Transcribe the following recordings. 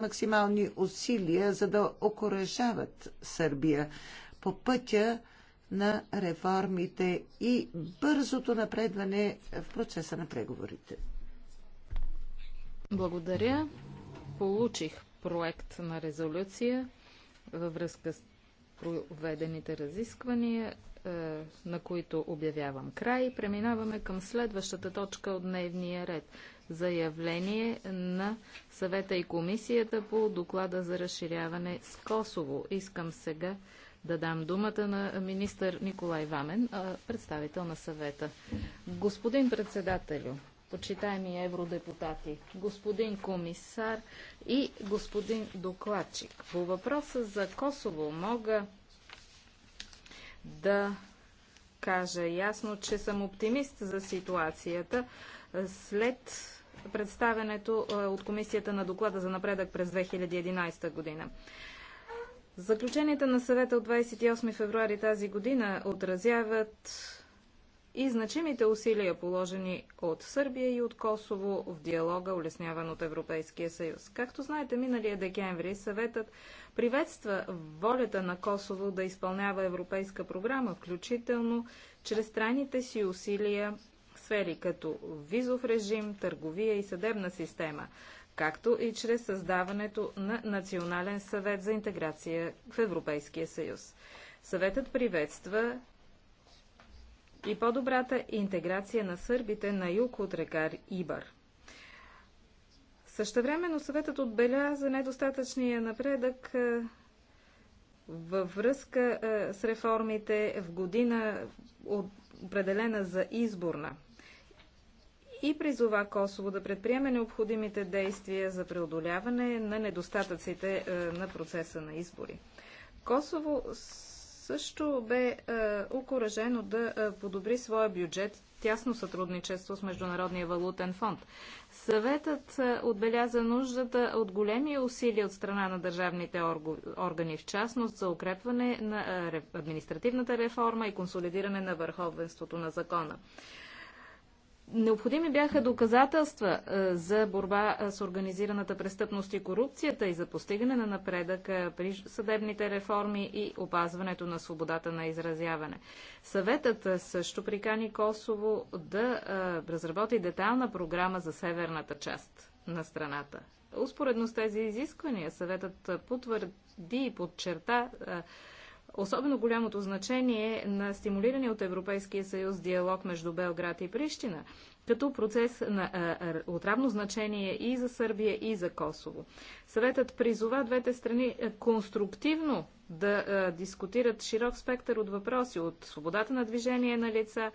максимални усилия, за да окоръжават Сърбия по пътя на реформите и бързото напредване в процеса на преговорите. Благодаря. Получих проект на резолюция във връзка с проведените разисквания, е, на които обявявам край. Преминаваме към следващата точка от дневния ред заявление на съвета и комисията по доклада за разширяване с Косово. Искам сега да дам думата на министър Николай Вамен, представител на съвета. Господин председателю, почитаеми евродепутати, господин комисар и господин докладчик. По въпроса за Косово мога да кажа ясно, че съм оптимист за ситуацията след представенето е, от Комисията на доклада за напредък през 2011 година. Заключенията на съвета от 28 февруари тази година отразяват и значимите усилия положени от Сърбия и от Косово в диалога, улесняван от Европейския съюз. Както знаете, миналия декември съветът приветства волята на Косово да изпълнява европейска програма, включително чрез страните си усилия сфери, като визов режим, търговия и съдебна система, както и чрез създаването на Национален съвет за интеграция в Европейския съюз. Съветът приветства и по-добрата интеграция на сърбите на юг от река Ибър. Същевременно съветът отбеляза недостатъчния напредък е, във връзка е, с реформите в година определена за изборна и призова Косово да предприеме необходимите действия за преодоляване на недостатъците е, на процеса на избори. Косово също бе е, окоръжено да е, подобри своя бюджет тясно сътрудничество с Международния валутен фонд. Съветът е, отбеляза нуждата от големи усилия от страна на държавните органи, в частност за укрепване на административната реформа и консолидиране на върховенството на закона. Необходими бяха доказателства е, за борба е, с организираната престъпност и корупцията и за постигане на напредък при съдебните реформи и опазването на свободата на изразяване. Съветът е, също прикани Косово да разработи детална програма за северната част на страната. Успоредно с тези изисквания, съветът потвърди и подчерта особено голямото значение е на стимулиране от Европейския съюз диалог между Белград и Прищина, като процес на, а, отравно значение и за Сърбия, и за Косово. Съветът призова двете страни конструктивно да а, дискутират широк спектър от въпроси, от свободата на движение на лица,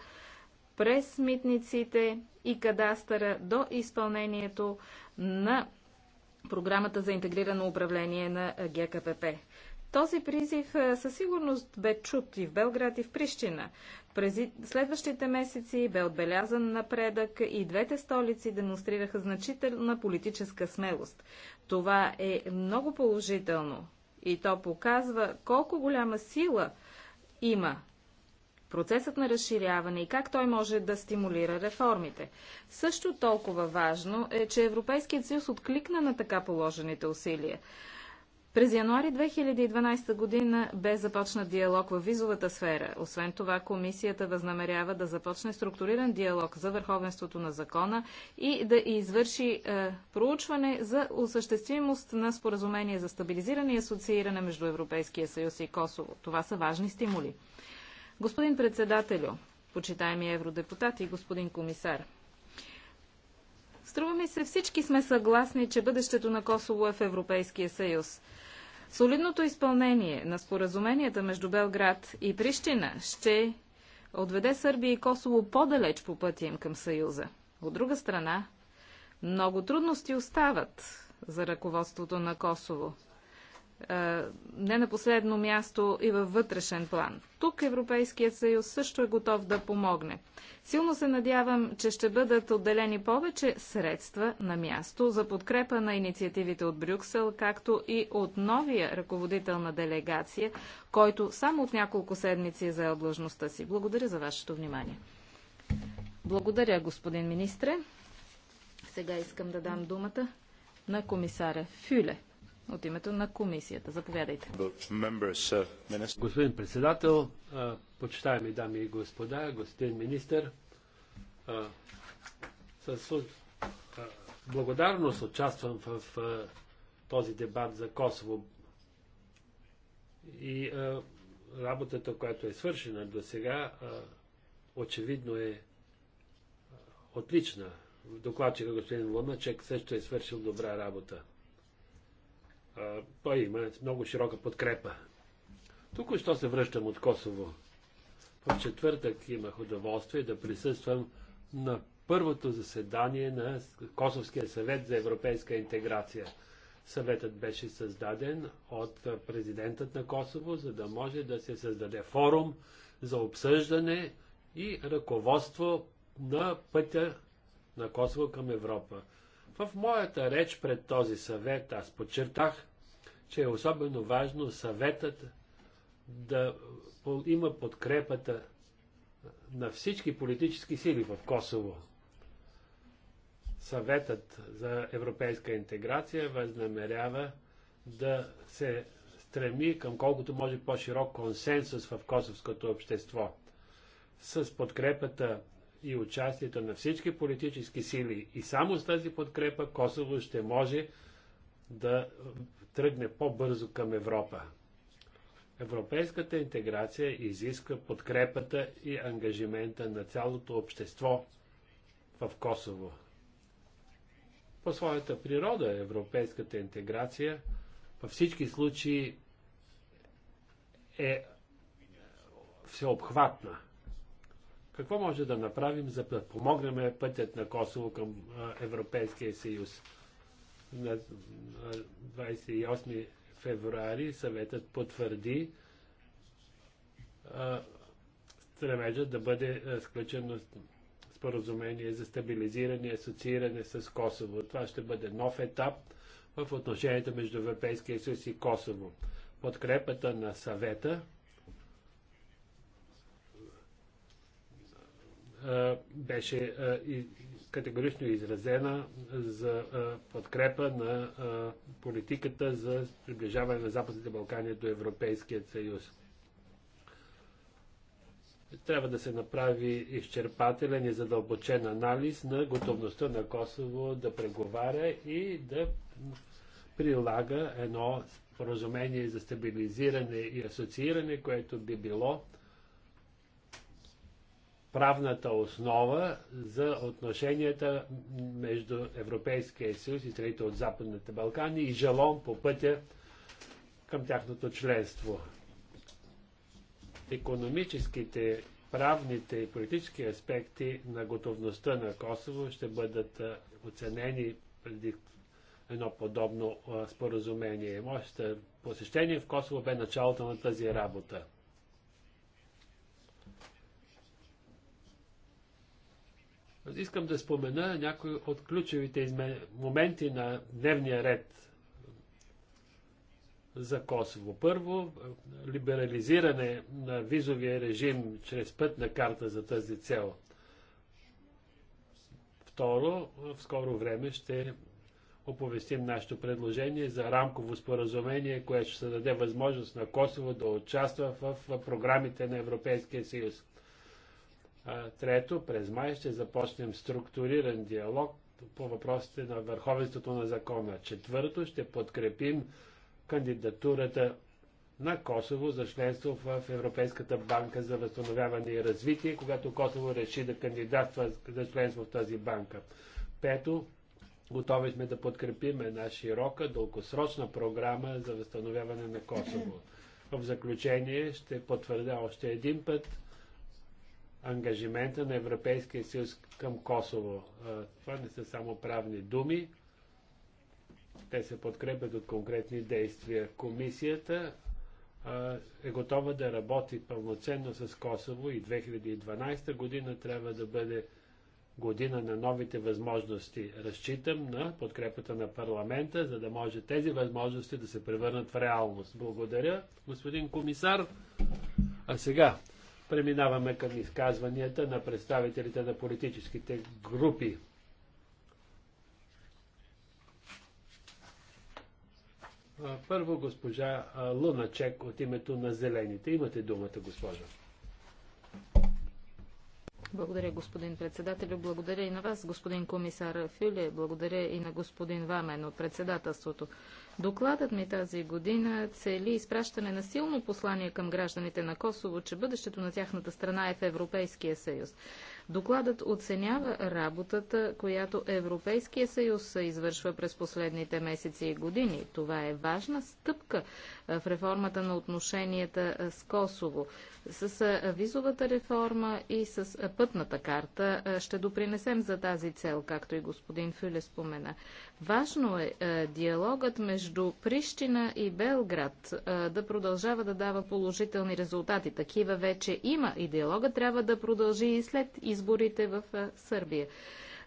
през митниците и кадастъра до изпълнението на програмата за интегрирано управление на ГКПП. Този призив е, със сигурност бе чут и в Белград, и в Прищина. През следващите месеци бе отбелязан напредък и двете столици демонстрираха значителна политическа смелост. Това е много положително и то показва колко голяма сила има процесът на разширяване и как той може да стимулира реформите. Също толкова важно е, че Европейският съюз откликна на така положените усилия. През януари 2012 година бе започнат диалог в визовата сфера. Освен това, комисията възнамерява да започне структуриран диалог за върховенството на закона и да извърши е, проучване за осъществимост на споразумение за стабилизиране и асоцииране между Европейския съюз и Косово. Това са важни стимули. Господин председателю, почитаеми евродепутати и господин комисар, Струва ми се, всички сме съгласни, че бъдещето на Косово е в Европейския съюз. Солидното изпълнение на споразуменията между Белград и Прищина ще отведе Сърбия и Косово по-далеч по пътя им към Съюза. От друга страна, много трудности остават за ръководството на Косово. Е, не на последно място и във вътрешен план. Тук Европейският съюз също е готов да помогне. Силно се надявам, че ще бъдат отделени повече средства на място за подкрепа на инициативите от Брюксел, както и от новия ръководител на делегация, който само от няколко седмици е заел длъжността си. Благодаря за вашето внимание. Благодаря, господин министре. Сега искам да дам думата на комисаря Фюле от името на комисията. Заповядайте. Господин председател, почитаеми дами и господа, господин министр, с благодарност участвам в този дебат за Косово и работата, която е свършена до сега, очевидно е отлична. Докладчика господин Луначек също е свършил добра работа той има много широка подкрепа. Тук що се връщам от Косово. В четвъртък имах удоволствие да присъствам на първото заседание на Косовския съвет за европейска интеграция. Съветът беше създаден от президентът на Косово, за да може да се създаде форум за обсъждане и ръководство на пътя на Косово към Европа. В моята реч пред този съвет аз подчертах, че е особено важно съветът да има подкрепата на всички политически сили в Косово. Съветът за европейска интеграция възнамерява да се стреми към колкото може по-широк консенсус в косовското общество. С подкрепата и участието на всички политически сили. И само с тази подкрепа Косово ще може да тръгне по-бързо към Европа. Европейската интеграция изисква подкрепата и ангажимента на цялото общество в Косово. По своята природа европейската интеграция във всички случаи е всеобхватна – какво може да направим за да помогнем пътят на Косово към Европейския съюз? На 28 февруари съветът потвърди стремежа да бъде сключено споразумение за стабилизиране и асоцииране с Косово. Това ще бъде нов етап в отношенията между Европейския съюз и Косово. Подкрепата на съвета беше категорично изразена за подкрепа на политиката за приближаване на Западните Балкани до Европейския съюз. Трябва да се направи изчерпателен и задълбочен анализ на готовността на Косово да преговаря и да прилага едно споразумение за стабилизиране и асоцииране, което би било правната основа за отношенията между Европейския съюз и страните от Западните Балкани и жалон по пътя към тяхното членство. Економическите, правните и политически аспекти на готовността на Косово ще бъдат оценени преди едно подобно споразумение. Мощта посещение в Косово бе началото на тази работа. Искам да спомена някои от ключовите измен... моменти на дневния ред за Косово. Първо, либерализиране на визовия режим чрез пътна карта за тази цел. Второ, в скоро време ще оповестим нашето предложение за рамково споразумение, което ще даде възможност на Косово да участва в програмите на Европейския съюз. Трето, през май ще започнем структуриран диалог по въпросите на върховенството на закона. Четвърто, ще подкрепим кандидатурата на Косово за членство в Европейската банка за възстановяване и развитие, когато Косово реши да кандидатства за членство в тази банка. Пето, готови сме да подкрепим една широка, дългосрочна програма за възстановяване на Косово. В заключение ще потвърдя още един път, ангажимента на Европейския съюз към Косово. Това не са само правни думи. Те се подкрепят от конкретни действия. Комисията е готова да работи пълноценно с Косово и 2012 година трябва да бъде година на новите възможности. Разчитам на подкрепата на парламента, за да може тези възможности да се превърнат в реалност. Благодаря, господин комисар. А сега Преминаваме към изказванията на представителите на политическите групи. Първо госпожа Луначек от името на Зелените. Имате думата, госпожа. Благодаря, господин председател, Благодаря и на вас, господин комисар Фюле. Благодаря и на господин Вамен от председателството. Докладът ми тази година цели изпращане на силно послание към гражданите на Косово, че бъдещето на тяхната страна е в Европейския съюз. Докладът оценява работата, която Европейския съюз извършва през последните месеци и години. Това е важна стъпка в реформата на отношенията с Косово. С визовата реформа и с пътната карта ще допринесем за тази цел, както и господин Фюле спомена. Важно е, е, диалогът между Прищина и Белград е, да продължава да дава положителни резултати. Такива вече има и диалогът трябва да продължи и след изборите в е, Сърбия.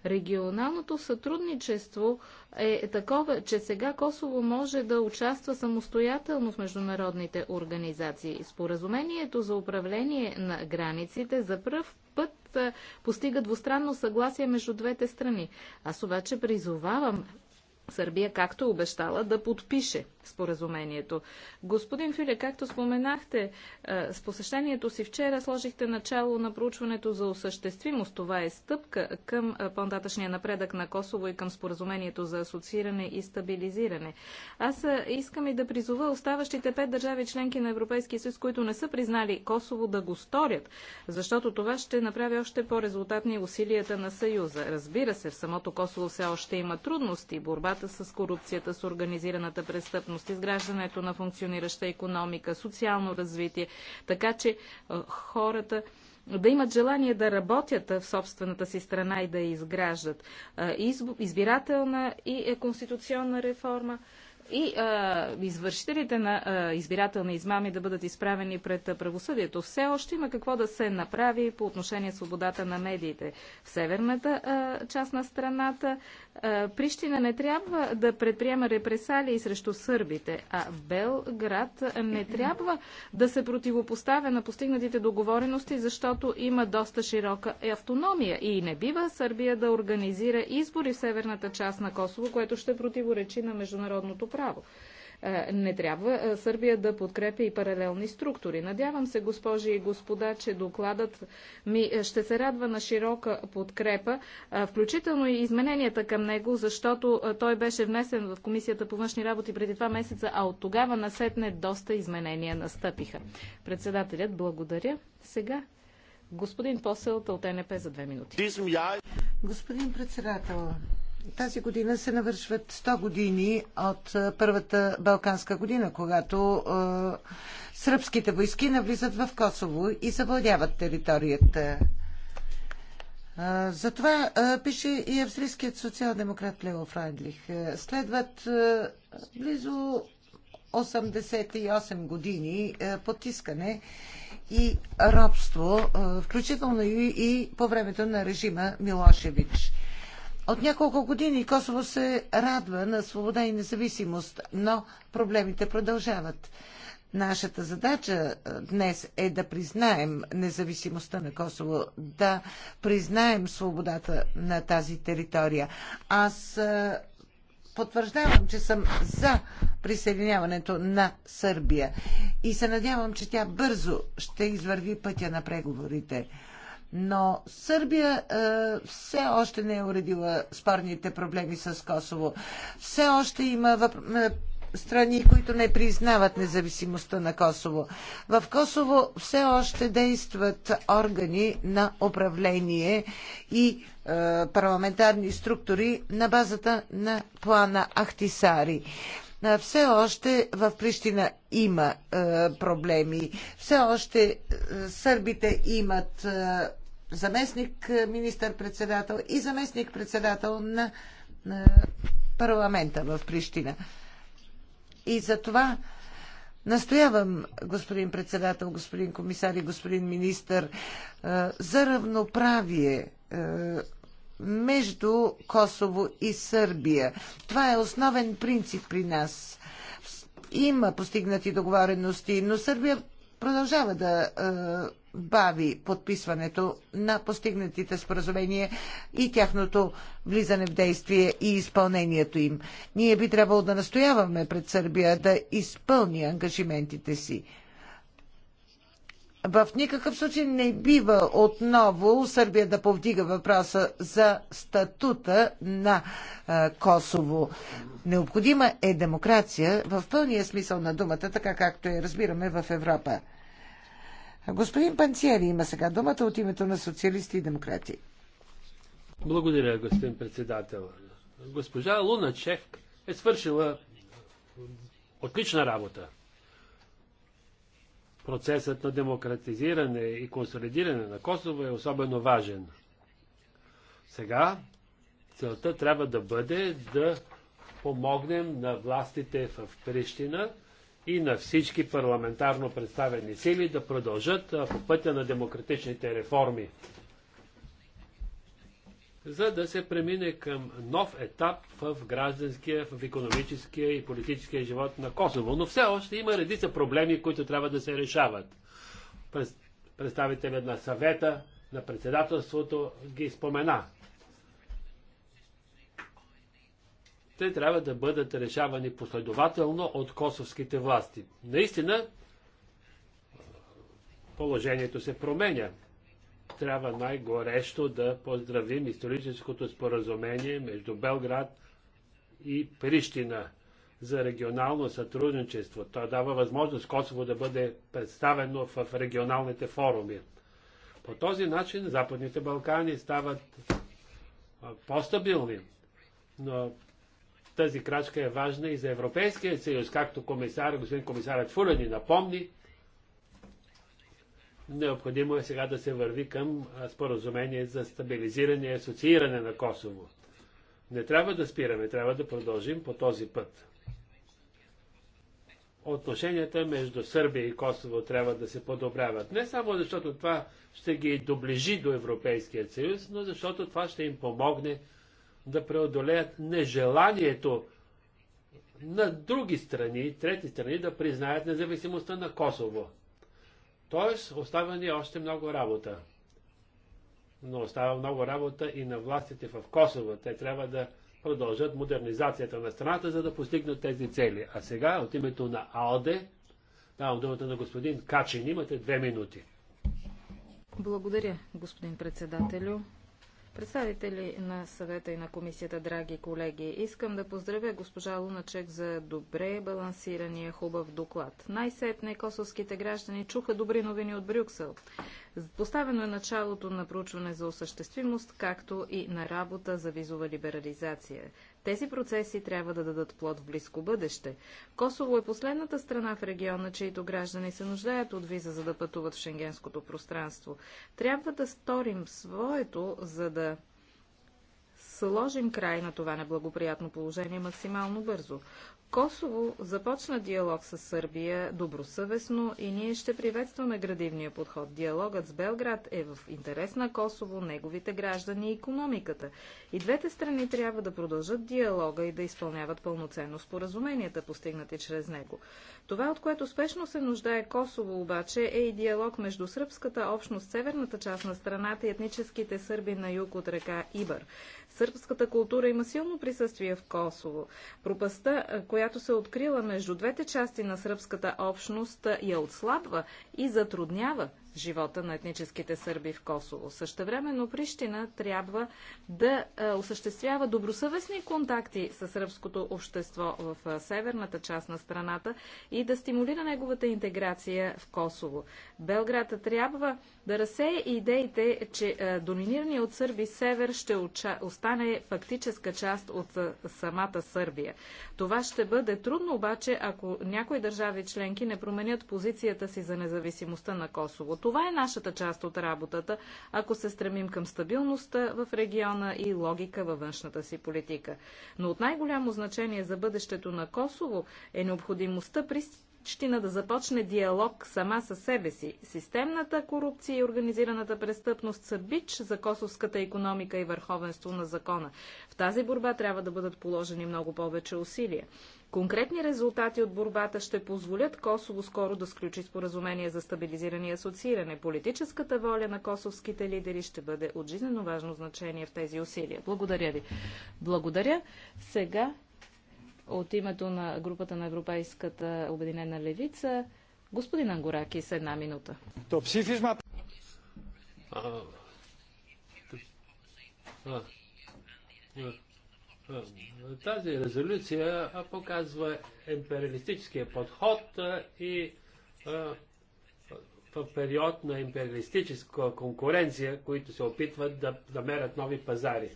Регионалното сътрудничество е такова, че сега Косово може да участва самостоятелно в международните организации. Споразумението за управление на границите за пръв път постига двустранно съгласие между двете страни. Аз обаче призовавам Сърбия, както обещала, да подпише споразумението. Господин Филе, както споменахте, е, с посещението си вчера сложихте начало на проучването за осъществимост. Това е стъпка към е, по-нататъчния напредък на Косово и към споразумението за асоцииране и стабилизиране. Аз е, искам и да призова оставащите пет държави членки на Европейския съюз, които не са признали Косово, да го сторят, защото това ще направи още по-резултатни усилията на Съюза. Разбира се, в самото Косово все още има трудности. Борбата с корупцията, с организираната престъпност, заетност, изграждането на функционираща економика, социално развитие, така че е, хората да имат желание да работят е, в собствената си страна и да я изграждат. Е, избирателна и конституционна реформа и а, извършителите на а, избирателни измами да бъдат изправени пред правосъдието. Все още има какво да се направи по отношение свободата на медиите. В северната а, част на страната Прищина не трябва да предприема репресалии срещу сърбите, а Белград не трябва да се противопоставя на постигнатите договорености, защото има доста широка автономия и не бива Сърбия да организира избори в северната част на Косово, което ще противоречи на международното право. Е, не трябва е, Сърбия да подкрепя и паралелни структури. Надявам се, госпожи и господа, че докладът ми е, ще се радва на широка подкрепа, включително и измененията към него, защото той беше внесен в Комисията по външни работи преди два месеца, а от тогава насетне доста изменения настъпиха. Председателят, благодаря. Сега господин Поселта от НП за две минути. Господин председател, тази година се навършват 100 години от Първата Балканска година, когато е, сръбските войски навлизат в Косово и завладяват територията. Затова е, пише и австрийският социал-демократ Лео Фрайдлих. Следват близо 88 години потискане и робство, включително и по времето на режима Милошевич. От няколко години Косово се радва на свобода и независимост, но проблемите продължават. Нашата задача е, днес е да признаем независимостта на Косово, да признаем свободата на тази територия. Аз е, потвърждавам, че съм за присъединяването на Сърбия и се надявам, че тя бързо ще извърви пътя на преговорите но Сърбия е, все още не е уредила спорните проблеми с Косово. Все още има въп... Е, страни, които не признават независимостта на Косово. В Косово все още действат органи на управление и е, парламентарни структури на базата на плана Ахтисари. Е, все още в Прищина има е, проблеми. Все още е, сърбите имат е, заместник е, министър-председател и заместник-председател на, парламента в Прищина. И за това настоявам, господин председател, господин комисар и господин министър, е, за равноправие е, между Косово и Сърбия. Това е основен принцип при нас. Има постигнати договорености, но Сърбия продължава да бави подписването на постигнатите споразумения и тяхното влизане в действие и изпълнението им. Ние би трябвало да настояваме пред Сърбия да изпълни ангажиментите си. В никакъв случай не бива отново Сърбия да повдига въпроса за статута на Косово. Необходима е демокрация в пълния смисъл на думата, така както я разбираме в Европа. Господин Панциери има сега думата от името на социалисти и демократи. Благодаря, господин председател. Госпожа Чех е свършила отлична работа. Процесът на демократизиране и консолидиране на Косово е особено важен. Сега целта трябва да бъде да помогнем на властите в Прищина и на всички парламентарно представени сили да продължат по пътя на демократичните реформи, за да се премине към нов етап в гражданския, в економическия и политическия живот на Косово. Но все още има редица проблеми, които трябва да се решават. Представителят на съвета, на председателството ги спомена. те трябва да бъдат решавани последователно от косовските власти. Наистина, положението се променя. Трябва най-горещо да поздравим историческото споразумение между Белград и Прищина за регионално сътрудничество. То дава възможност Косово да бъде представено в регионалните форуми. По този начин Западните Балкани стават по-стабилни, но тази крачка е важна и за Европейския съюз, както комисар, господин комисарът Фуля ни напомни. Необходимо е сега да се върви към споразумение за стабилизиране и асоцииране на Косово. Не трябва да спираме, трябва да продължим по този път. Отношенията между Сърбия и Косово трябва да се подобряват. Не само защото това ще ги доближи до Европейския съюз, но защото това ще им помогне да преодолеят нежеланието на други страни, трети страни, да признаят независимостта на Косово. Тоест, остава ни още много работа. Но остава много работа и на властите в Косово. Те трябва да продължат модернизацията на страната, за да постигнат тези цели. А сега, от името на АОДЕ, давам думата на господин Качин. Имате две минути. Благодаря, господин председателю. Представители на съвета и на комисията, драги колеги, искам да поздравя госпожа Луначек за добре балансирания хубав доклад. Най-сетне косовските граждани чуха добри новини от Брюксел. Поставено е началото на проучване за осъществимост, както и на работа за визова либерализация. Тези процеси трябва да дадат плод в близко бъдеще. Косово е последната страна в региона, чието граждани се нуждаят от виза, за да пътуват в шенгенското пространство. Трябва да сторим своето, за да сложим край на това неблагоприятно положение максимално бързо. Косово започна диалог с Сърбия добросъвестно и ние ще приветстваме градивния подход. Диалогът с Белград е в интерес на Косово, неговите граждани и економиката. И двете страни трябва да продължат диалога и да изпълняват пълноценно споразуменията, постигнати чрез него. Това, от което спешно се нуждае Косово, обаче, е и диалог между сръбската общност, северната част на страната и етническите сърби на юг от река Ибър. Сърбската култура има силно присъствие в Косово. Пропаста, която която се е открила между двете части на сръбската общност, я е отслабва и затруднява живота на етническите сърби в Косово. Същевременно Прищина трябва да е, осъществява добросъвестни контакти с сръбското общество в е, северната част на страната и да стимулира неговата интеграция в Косово. Белград трябва да разсее идеите, че е, доминирания от сърби север ще остане фактическа част от самата Сърбия. Това ще бъде трудно обаче, ако някои държави членки не променят позицията си за независимостта на Косово. Това е нашата част от работата, ако се стремим към стабилността в региона и логика във външната си политика. Но от най-голямо значение за бъдещето на Косово е необходимостта при щина да започне диалог сама със себе си. Системната корупция и организираната престъпност са бич за косовската економика и върховенство на закона. В тази борба трябва да бъдат положени много повече усилия. Конкретни резултати от борбата ще позволят Косово скоро да сключи споразумение за стабилизиране и асоцииране. Политическата воля на косовските лидери ще бъде от жизненно важно значение в тези усилия. Благодаря ви. Благодаря. Сега от името на групата на Европейската обединена левица, господин Ангораки, с една минута. То психизма... тази резолюция показва империалистическия подход и в период на империалистическа конкуренция, които се опитват да намерят нови пазари.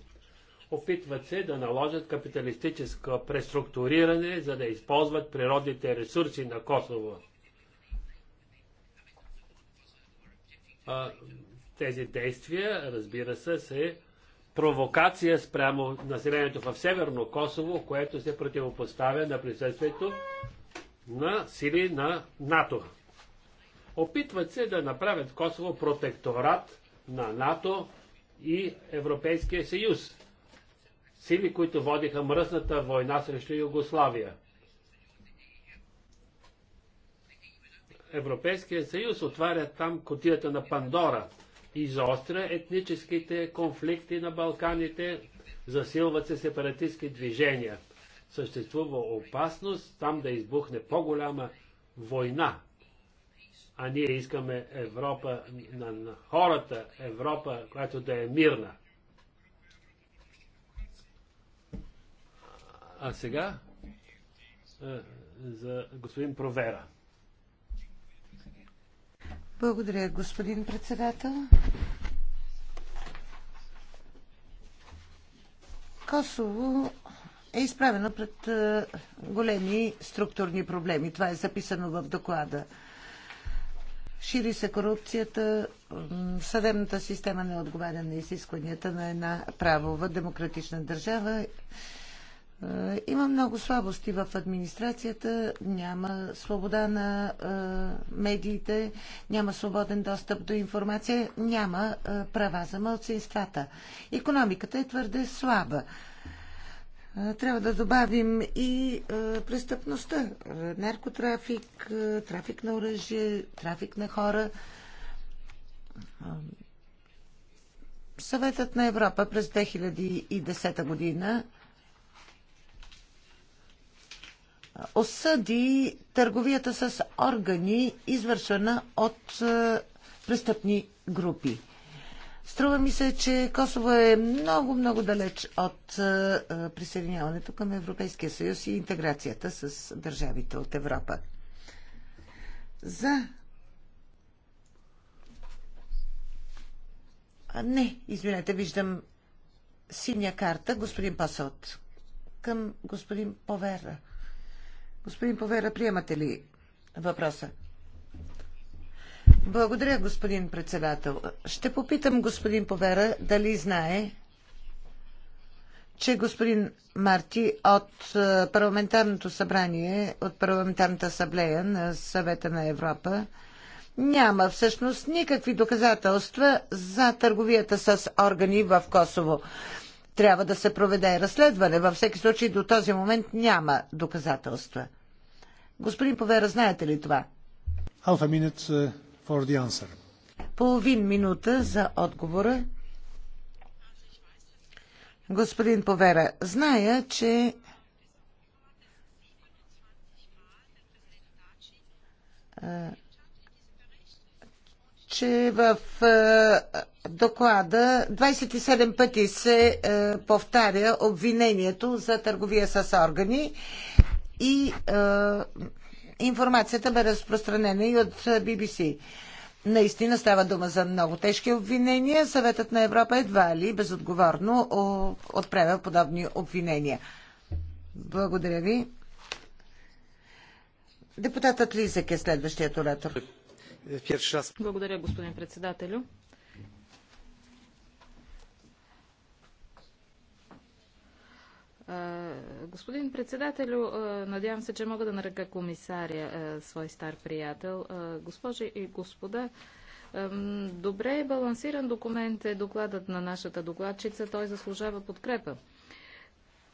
Опитват се да наложат капиталистическо преструктуриране, за да използват природните ресурси на Косово. А, тези действия, разбира се, се провокация спрямо населението в Северно Косово, което се противопоставя на присъствието на сили на НАТО. Опитват се да направят Косово протекторат на НАТО и Европейския съюз сили, които водиха мръсната война срещу Югославия. Европейския съюз отваря там котията на Пандора и заостря етническите конфликти на Балканите, засилват се сепаратистски движения. Съществува опасност там да избухне по-голяма война. А ние искаме Европа на, на хората, Европа, която да е мирна. А сега е, за господин Провера. Благодаря, господин председател. Косово е изправено пред е, големи структурни проблеми. Това е записано в доклада. Шири се корупцията, съдебната система не отговаря на изискванията на една правова демократична държава е, има много слабости в администрацията, няма свобода на е, медиите, няма свободен достъп до информация, няма е, права за мълцинствата. Економиката е твърде слаба. Трябва да добавим и престъпността. Наркотрафик, трафик на оръжие, трафик на хора. Съветът на Европа през 2010 година осъди търговията с органи, извършена от е, престъпни групи. Струва ми се, че Косово е много, много далеч от е, е, присъединяването към Европейския съюз и интеграцията с държавите от Европа. За. А, не, извинете, виждам синя карта, господин Пасот, към господин Повера. Господин Повера, приемате ли въпроса? Благодаря, господин председател. Ще попитам господин Повера дали знае, че господин Марти от е, парламентарното събрание, от парламентарната асамблея на съвета на Европа, няма всъщност никакви доказателства за търговията с органи в Косово. Трябва да се проведе разследване. Във всеки случай до този момент няма доказателства. Господин Повера, знаете ли това? Half a minute uh, for the answer. Половин минута за отговора. Господин Повера, зная, че че в доклада 27 пъти се повтаря обвинението за търговия с органи и информацията бе разпространена и от BBC. Наистина става дума за много тежки обвинения. Съветът на Европа едва ли безотговорно отправя подобни обвинения. Благодаря ви. Депутатът Лизък е следващият оратор. Благодаря, господин председателю. Господин председателю, надявам се, че мога да нарека комисаря свой стар приятел. Госпожи и господа, добре балансиран документ е докладът на нашата докладчица. Той заслужава подкрепа.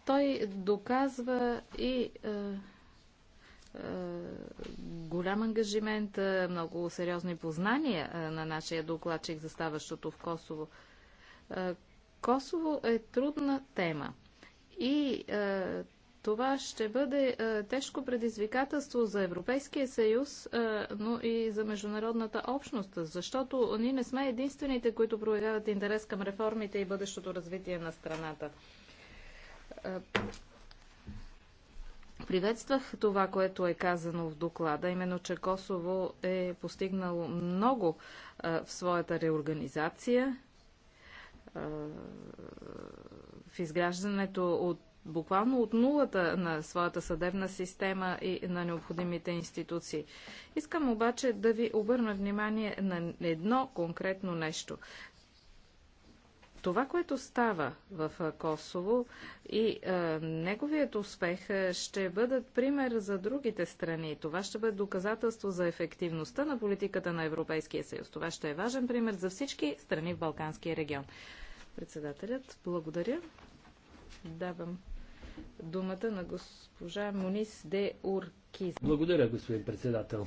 Той доказва и голям ангажимент, много сериозни познания на нашия докладчик за ставащото в Косово. Косово е трудна тема. И е, това ще бъде е, тежко предизвикателство за Европейския съюз, е, но и за международната общност, защото ние не сме единствените, които проявяват интерес към реформите и бъдещото развитие на страната. Е, приветствах това, което е казано в доклада, именно, че Косово е постигнало много е, в своята реорганизация в изграждането от буквално от нулата на своята съдебна система и на необходимите институции. Искам обаче да ви обърна внимание на едно конкретно нещо. Това, което става в Косово и е, неговият успех ще бъдат пример за другите страни. Това ще бъде доказателство за ефективността на политиката на Европейския съюз. Това ще е важен пример за всички страни в Балканския регион. Председателят, благодаря. Давам думата на госпожа Монис де Уркиз. Благодаря, господин председател.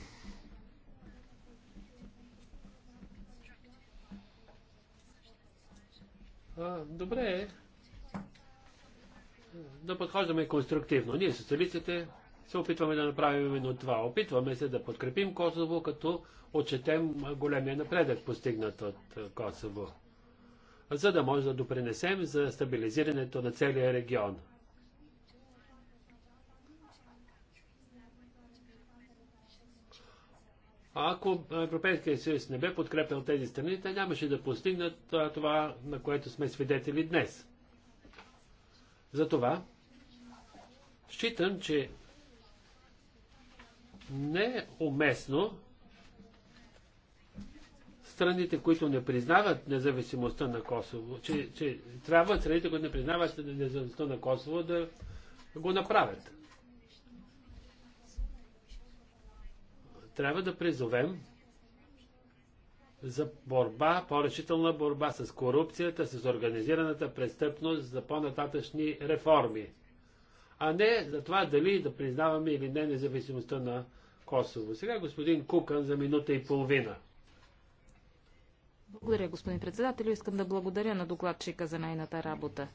А, добре е, да подхождаме конструктивно. Ние, социалистите, се опитваме да направим именно това. Опитваме се да подкрепим Косово, като отчетем големия напредък, постигнат от Косово за да може да допринесем за стабилизирането на целия регион. А ако Европейския съюз не бе подкрепил тези страни, те нямаше да постигнат това, на което сме свидетели днес. Затова считам, че не е уместно страните, които не признават независимостта на Косово, че, че трябва страните, които не признават независимостта на Косово, да го направят. Трябва да призовем за борба, по-решителна борба с корупцията, с организираната престъпност, за по-нататъчни реформи. А не за това дали да признаваме или не независимостта на Косово. Сега господин Кукан за минута и половина. Благодаря, господин председател. Искам да благодаря на докладчика за нейната работа.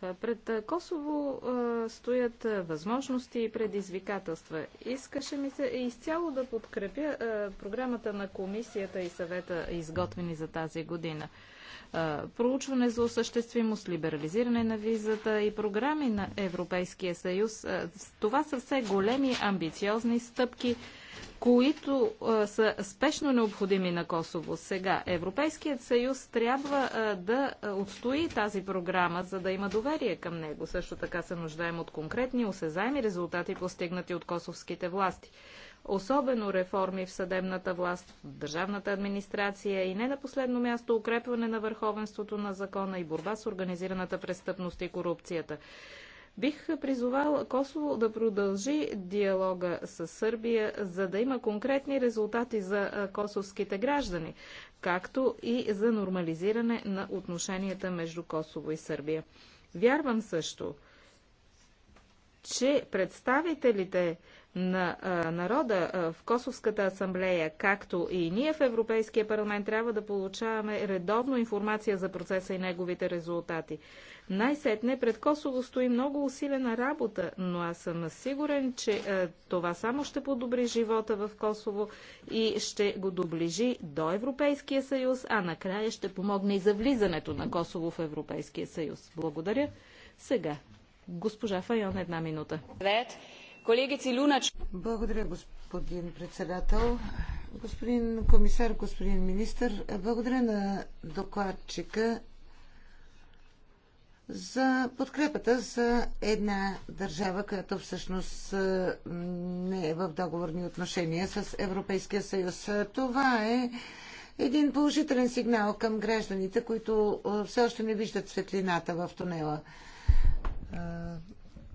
Пред Косово стоят възможности и предизвикателства. Искаше ми се изцяло да подкрепя програмата на комисията и съвета, изготвени за тази година проучване за осъществимост, либерализиране на визата и програми на Европейския съюз. Това са все големи амбициозни стъпки, които са спешно необходими на Косово сега. Европейският съюз трябва да отстои тази програма, за да има доверие към него. Също така се нуждаем от конкретни, осезаеми резултати, постигнати от косовските власти особено реформи в съдебната власт, в държавната администрация и не на последно място укрепване на върховенството на закона и борба с организираната престъпност и корупцията. Бих призовал Косово да продължи диалога с Сърбия, за да има конкретни резултати за косовските граждани, както и за нормализиране на отношенията между Косово и Сърбия. Вярвам също, че представителите на народа в Косовската асамблея, както и ние в Европейския парламент, трябва да получаваме редовно информация за процеса и неговите резултати. Най-сетне пред Косово стои много усилена работа, но аз съм сигурен, че това само ще подобри живота в Косово и ще го доближи до Европейския съюз, а накрая ще помогне и за влизането на Косово в Европейския съюз. Благодаря. Сега. Госпожа Файон, една минута. Колегици Лунач. Благодаря, господин председател. Господин комисар, господин министр, благодаря на докладчика за подкрепата за една държава, която всъщност не е в договорни отношения с Европейския съюз. Това е един положителен сигнал към гражданите, които все още не виждат светлината в тунела.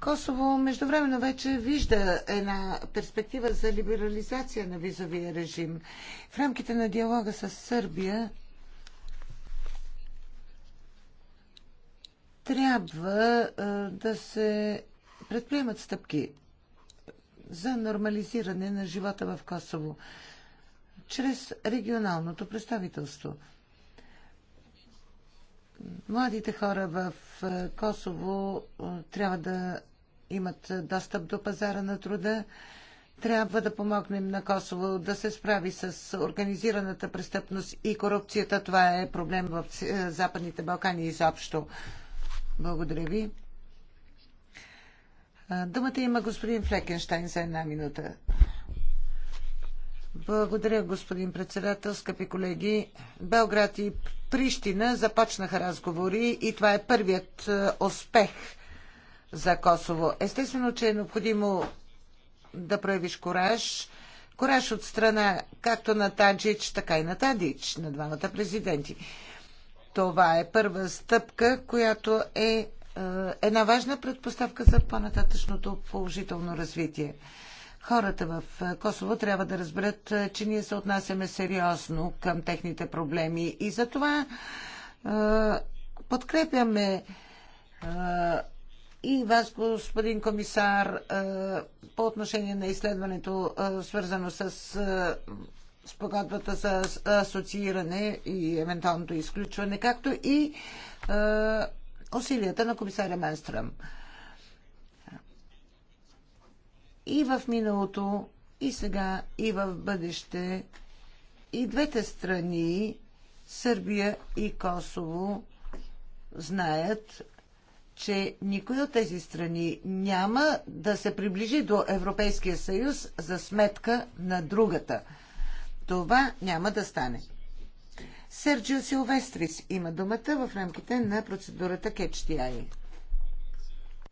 Косово междувременно вече вижда една перспектива за либерализация на визовия режим. В рамките на диалога с Сърбия трябва да се предприемат стъпки за нормализиране на живота в Косово чрез регионалното представителство. Младите хора в Косово трябва да имат достъп до пазара на труда. Трябва да помогнем на Косово да се справи с организираната престъпност и корупцията. Това е проблем в Западните Балкани изобщо. Благодаря ви. Думата има господин Флекенштайн за една минута. Благодаря, господин председател, скъпи колеги. Белград и Прищина започнаха разговори и това е първият успех за Косово. Естествено, че е необходимо да проявиш кораж. Кораж от страна както на Таджич, така и на Тадич, на двамата президенти. Това е първа стъпка, която е, е една важна предпоставка за по-нататъчното положително развитие. Хората в Косово трябва да разберат, е, че ние се отнасяме сериозно към техните проблеми и затова е, подкрепяме е, и вас, господин комисар, е, по отношение на изследването, е, свързано с е, спогадбата за асоцииране и евентуалното изключване, както и усилията на комисаря Менстрам. И в миналото, и сега, и в бъдеще, и двете страни, Сърбия и Косово, знаят че никой от тези страни няма да се приближи до Европейския съюз за сметка на другата. Това няма да стане. Серджио Силвестрис има думата в рамките на процедурата CatchTI.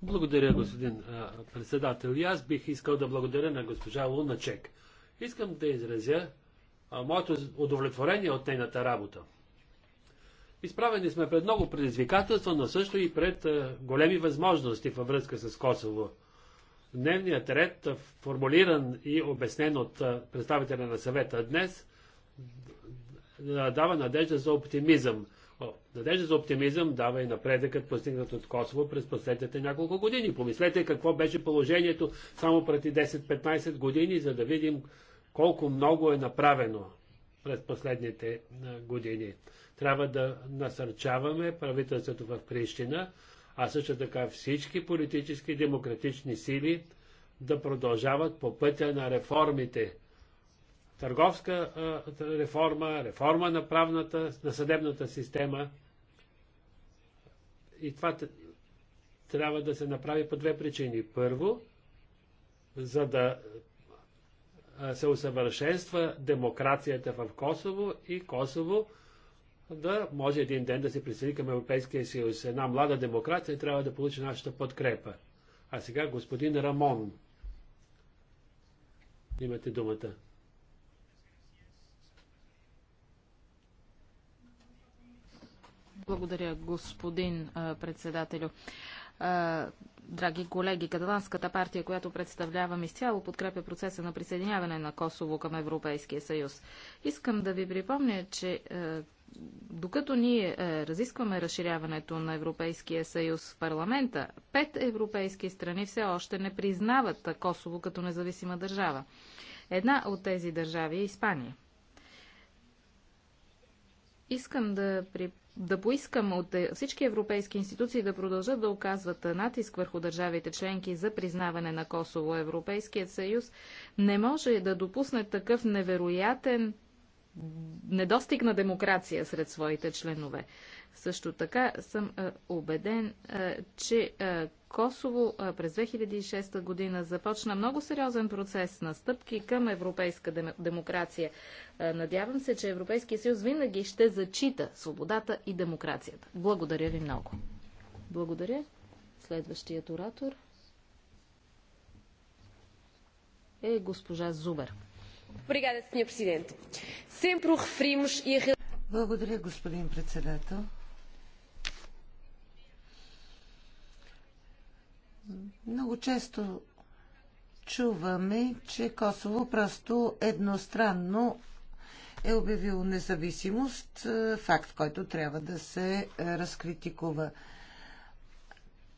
Благодаря, господин а, председател. И аз бих искал да благодаря на госпожа Луначек. Искам да изразя а, моето удовлетворение от нейната работа. Изправени сме пред много предизвикателства, но също и пред е, големи възможности във връзка с Косово. Дневният ред, е, формулиран и обяснен от е, представителя на съвета днес, дава надежда за оптимизъм. Надежда за оптимизъм дава и напредъкът постигнат от Косово през последните няколко години. Помислете какво беше положението само преди 10-15 години, за да видим колко много е направено през последните години. Трябва да насърчаваме правителството в Прищина, а също така всички политически и демократични сили да продължават по пътя на реформите. Търговска реформа, реформа на правната, на съдебната система. И това трябва да се направи по две причини. Първо, за да се усъвършенства демокрацията в Косово и Косово да може един ден да се присъедини към Европейския съюз. Една млада демокрация трябва да получи нашата подкрепа. А сега господин Рамон. Имате думата. Благодаря, господин а, председателю. А, драги колеги, Каталанската партия, която представлявам изцяло, подкрепя процеса на присъединяване на Косово към Европейския съюз. Искам да ви припомня, че а, докато ние е, разискваме разширяването на Европейския съюз в парламента, пет европейски страни все още не признават Косово като независима държава. Една от тези държави е Испания. Искам да, при... да поискам от е, всички европейски институции да продължат да оказват натиск върху държавите членки за признаване на Косово. Европейският съюз не може да допусне такъв невероятен недостиг на демокрация сред своите членове. Също така съм убеден, че Косово през 2006 година започна много сериозен процес на стъпки към европейска демокрация. Надявам се, че Европейския съюз винаги ще зачита свободата и демокрацията. Благодаря ви много. Благодаря. Следващият оратор е госпожа Зубер. Obrigada, Sr. Presidente. Sempre o referimos e a... Благодаря, господин председател. Много често чуваме, че Косово просто едностранно е обявило независимост, е, факт, който трябва да се е, разкритикува.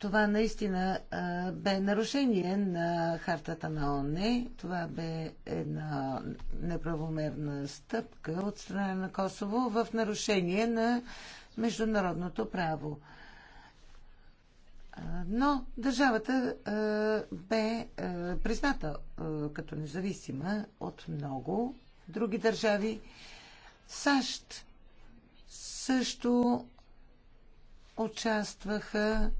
Това наистина бе нарушение на хартата на ООН. Това бе една неправомерна стъпка от страна на Косово в нарушение на международното право. Но държавата бе призната като независима от много други държави. САЩ също участваха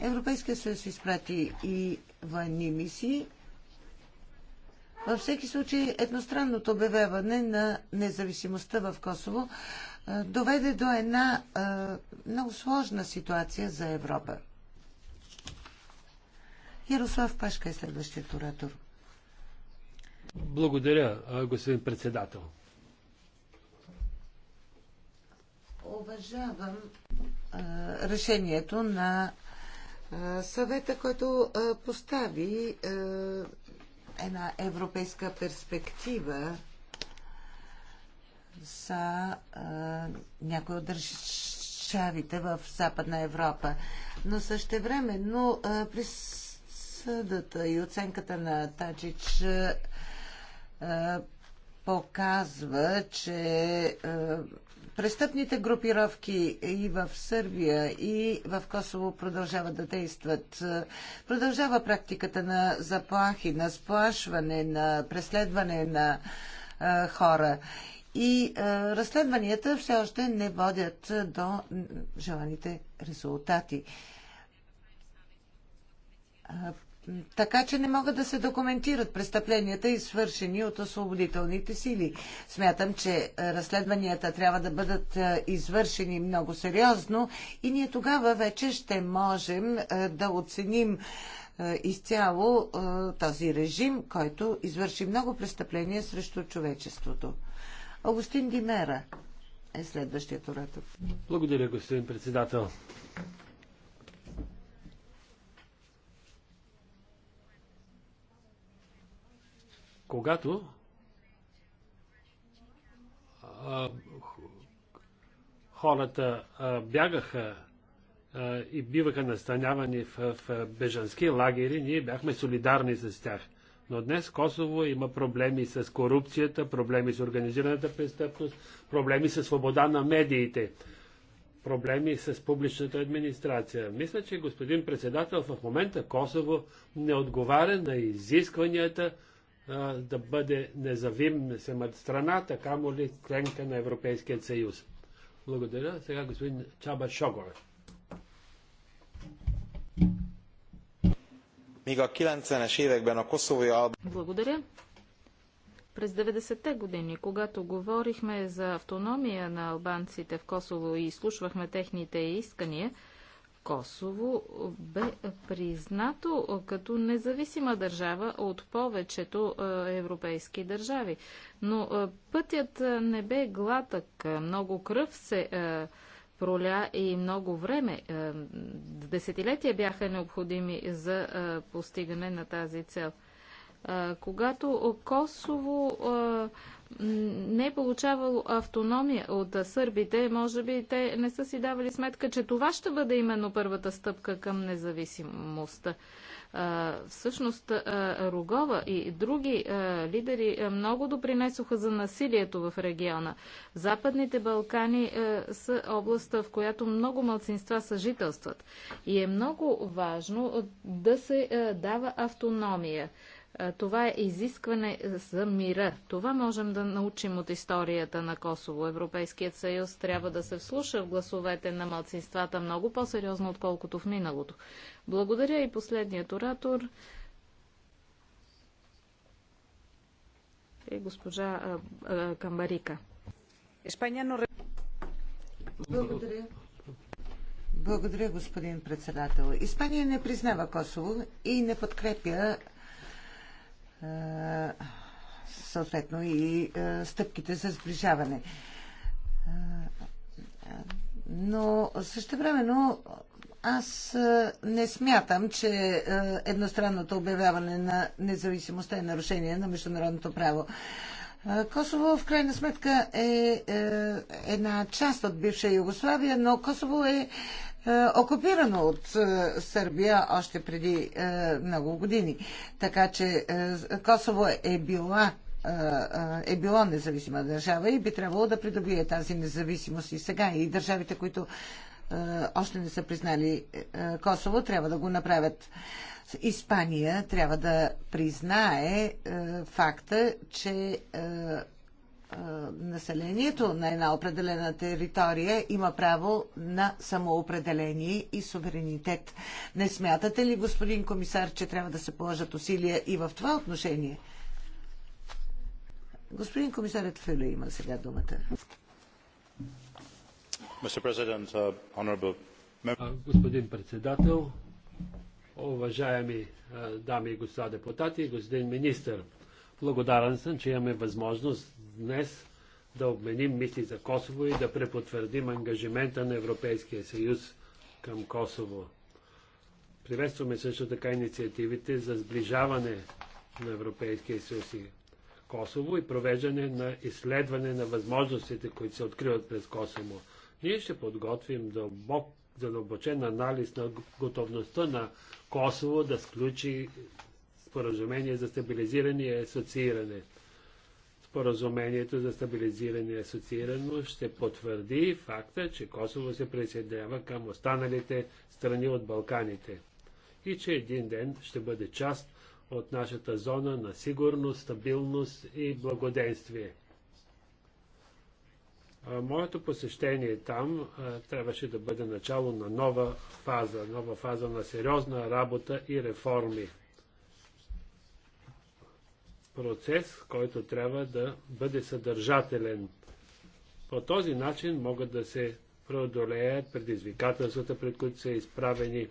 Европейския съюз изпрати и военни мисии. Във всеки случай, едностранното обявяване на независимостта в Косово доведе до една много сложна ситуация за Европа. Ярослав Пашка е следващият оратор. Благодаря, господин председател. Уважавам а, решението на а, съвета, който а, постави а, една европейска перспектива за а, някои от държавите в Западна Европа. Но същевременно а, присъдата и оценката на Таджич а, показва, че а, Престъпните групировки и в Сърбия, и в Косово продължават да действат. Продължава практиката на заплахи, на сплашване, на преследване на хора. И разследванията все още не водят до желаните резултати така че не могат да се документират престъпленията, извършени от освободителните сили. Смятам, че е, разследванията трябва да бъдат е, извършени много сериозно и ние тогава вече ще можем е, да оценим изцяло този режим, който извърши много престъпления срещу човечеството. Агустин Димера е следващият оратор. Благодаря, господин председател. когато хората бягаха и биваха настанявани в бежански лагери, ние бяхме солидарни с тях. Но днес Косово има проблеми с корупцията, проблеми с организираната престъпност, проблеми с свобода на медиите, проблеми с публичната администрация. Мисля, че господин председател в момента Косово не отговаря на изискванията да бъде независима страна, така му ли членка на Европейския съюз. Благодаря. Сега господин Чаба Шогор. Благодаря. През 90-те години, когато говорихме за автономия на албанците в Косово и изслушвахме техните искания, Косово бе признато като независима държава от повечето е, европейски държави. Но е, пътят е, не бе гладък. Много кръв се проля и много време. Десетилетия бяха необходими за постигане на тази цел – когато Косово не е получавало автономия от сърбите, може би те не са си давали сметка, че това ще бъде именно първата стъпка към независимостта. Всъщност Рогова и други лидери много допринесоха за насилието в региона. Западните Балкани са областта, в която много мълцинства съжителстват. И е много важно да се дава автономия. Това е изискване за мира. Това можем да научим от историята на Косово. Европейският съюз трябва да се вслуша в гласовете на младсинствата много по-сериозно, отколкото в миналото. Благодаря и последният оратор е госпожа а, а, Камбарика. Благодаря. Благодаря, господин председател. Испания не признава Косово и не подкрепя съответно и стъпките за сближаване. Но също времено аз не смятам, че едностранното обявяване на независимостта е нарушение на международното право. Косово в крайна сметка е, е, една част от бивша Югославия, но Косово е е, окупирано от е, Сърбия още преди е, много години. Така че Косово е била е било независима държава и би трябвало да придобие тази независимост и сега. И държавите, които още не са признали Косово, трябва да го направят. Испания трябва да признае факта, че населението на една определена територия има право на самоопределение и суверенитет. Не смятате ли, господин комисар, че трябва да се положат усилия и в това отношение? Господин комисарят Фюле има сега думата. Uh, господин председател, уважаеми дами и господа депутати, господин министр, благодарен съм, че имаме възможност днес да обменим мисли за Косово и да препотвърдим ангажимента на Европейския съюз към Косово. Приветстваме също така инициативите за сближаване на Европейския съюз и Косово и провеждане на изследване на възможностите, които се откриват през Косово. Ние ще подготвим дълбок, задълбочен анализ на готовността на Косово да сключи споразумение за стабилизиране и асоцииране споразумението за стабилизиране и асоциирано ще потвърди факта, че Косово се присъединява към останалите страни от Балканите и че един ден ще бъде част от нашата зона на сигурност, стабилност и благоденствие. Моето посещение там трябваше да бъде начало на нова фаза, нова фаза на сериозна работа и реформи процес, който трябва да бъде съдържателен. По този начин могат да се преодолеят предизвикателствата, пред които са изправени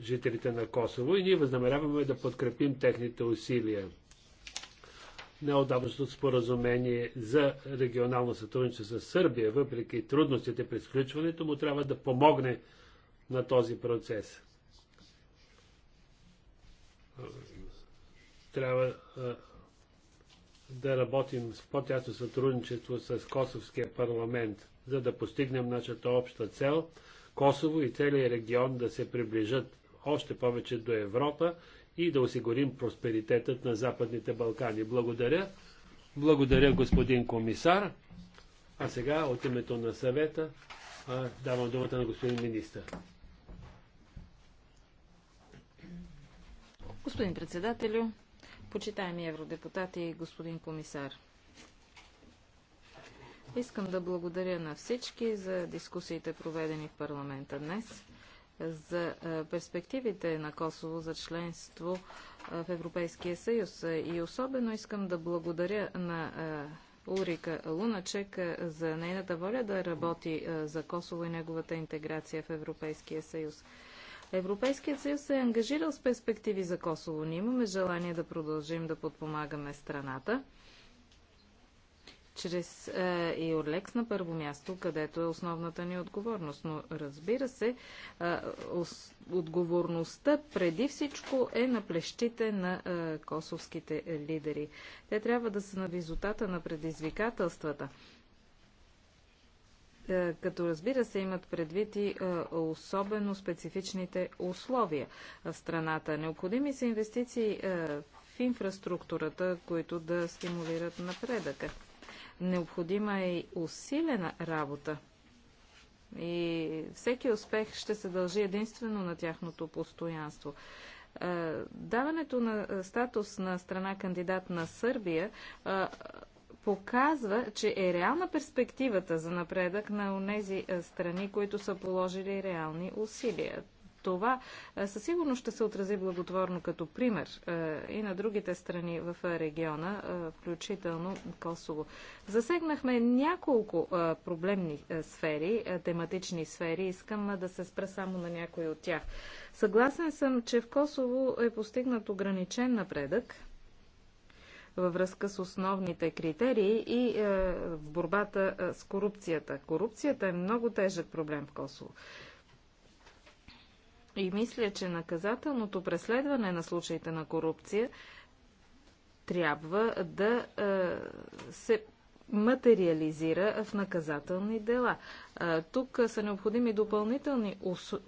жителите на Косово и ние възнамеряваме да подкрепим техните усилия. Неодавното споразумение за регионално сътрудничество с Сърбия, въпреки трудностите при сключването му, трябва да помогне на този процес трябва да работим с по-тясно сътрудничество с Косовския парламент, за да постигнем нашата обща цел Косово и целият регион да се приближат още повече до Европа и да осигурим просперитетът на Западните Балкани. Благодаря. Благодаря, господин комисар. А сега от името на съвета давам думата на господин министър. Господин председателю, Почитаеми евродепутати и господин комисар. Искам да благодаря на всички за дискусиите, проведени в парламента днес, за перспективите на Косово за членство в Европейския съюз. И особено искам да благодаря на Урика Луначек за нейната воля да работи за Косово и неговата интеграция в Европейския съюз. Европейският съюз се е ангажирал с перспективи за Косово. Ние имаме желание да продължим да подпомагаме страната чрез е, ОРЛЕКС на първо място, където е основната ни отговорност. Но разбира се, е, ос, отговорността преди всичко е на плещите на е, косовските лидери. Те трябва да са на визотата на предизвикателствата. Е, като разбира се имат предвид и е, особено специфичните условия в страната. Необходими са инвестиции е, в инфраструктурата, които да стимулират напредъка. Необходима е и усилена работа и всеки успех ще се дължи единствено на тяхното постоянство. Даването на статус на страна кандидат на Сърбия показва, че е реална перспективата за напредък на онези е, страни, които са положили реални усилия. Това е, със сигурност ще се отрази благотворно като пример е, и на другите страни в региона, включително Косово. Засегнахме няколко проблемни сфери, тематични сфери. Искам да се спра само на някои от тях. Съгласен съм, че в Косово е постигнат ограничен напредък, във връзка с основните критерии и е, в борбата е, с корупцията. Корупцията е много тежък проблем в Косово. И мисля, че наказателното преследване на случаите на корупция трябва да е, се материализира в наказателни дела. Тук са необходими допълнителни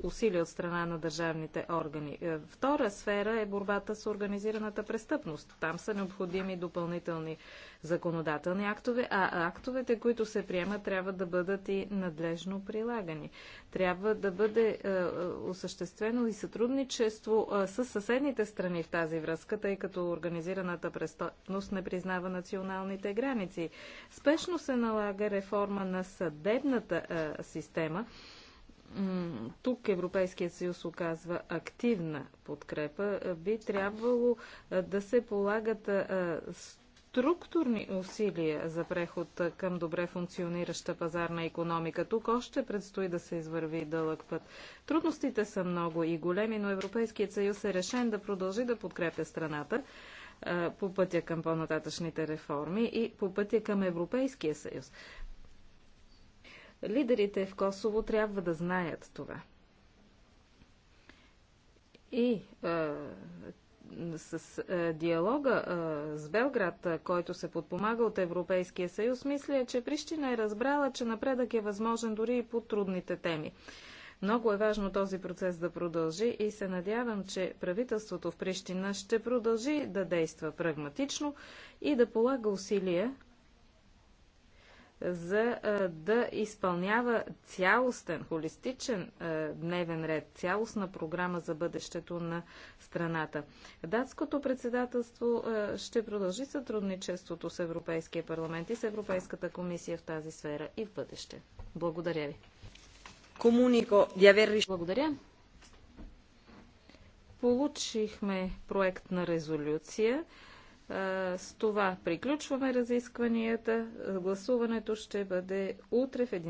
усилия от страна на държавните органи. Е, втора сфера е борбата с организираната престъпност. Там са необходими допълнителни законодателни актове, а актовете, които се приемат, трябва да бъдат и надлежно прилагани. Трябва да бъде е, е, осъществено и сътрудничество с съседните страни в тази връзка, тъй като организираната престъпност не признава националните граници. Спешно се налага реформа на съдебната система. Тук Европейският съюз оказва активна подкрепа. Би трябвало да се полагат структурни усилия за преход към добре функционираща пазарна економика. Тук още предстои да се извърви дълъг път. Трудностите са много и големи, но Европейският съюз е решен да продължи да подкрепя страната по пътя към по-нататъчните реформи и по пътя към Европейския съюз. Лидерите в Косово трябва да знаят това. И а, с а, диалога а, с Белград, а, който се подпомага от Европейския съюз, мисля, че Прищина е разбрала, че напредък е възможен дори и по трудните теми. Много е важно този процес да продължи и се надявам, че правителството в Прищина ще продължи да действа прагматично и да полага усилия за да изпълнява цялостен, холистичен дневен ред, цялостна програма за бъдещето на страната. Датското председателство ще продължи сътрудничеството с Европейския парламент и с Европейската комисия в тази сфера и в бъдеще. Благодаря ви. Благодаря. Получихме проект на резолюция. С това приключваме разискванията. Гласуването ще бъде утре в 11.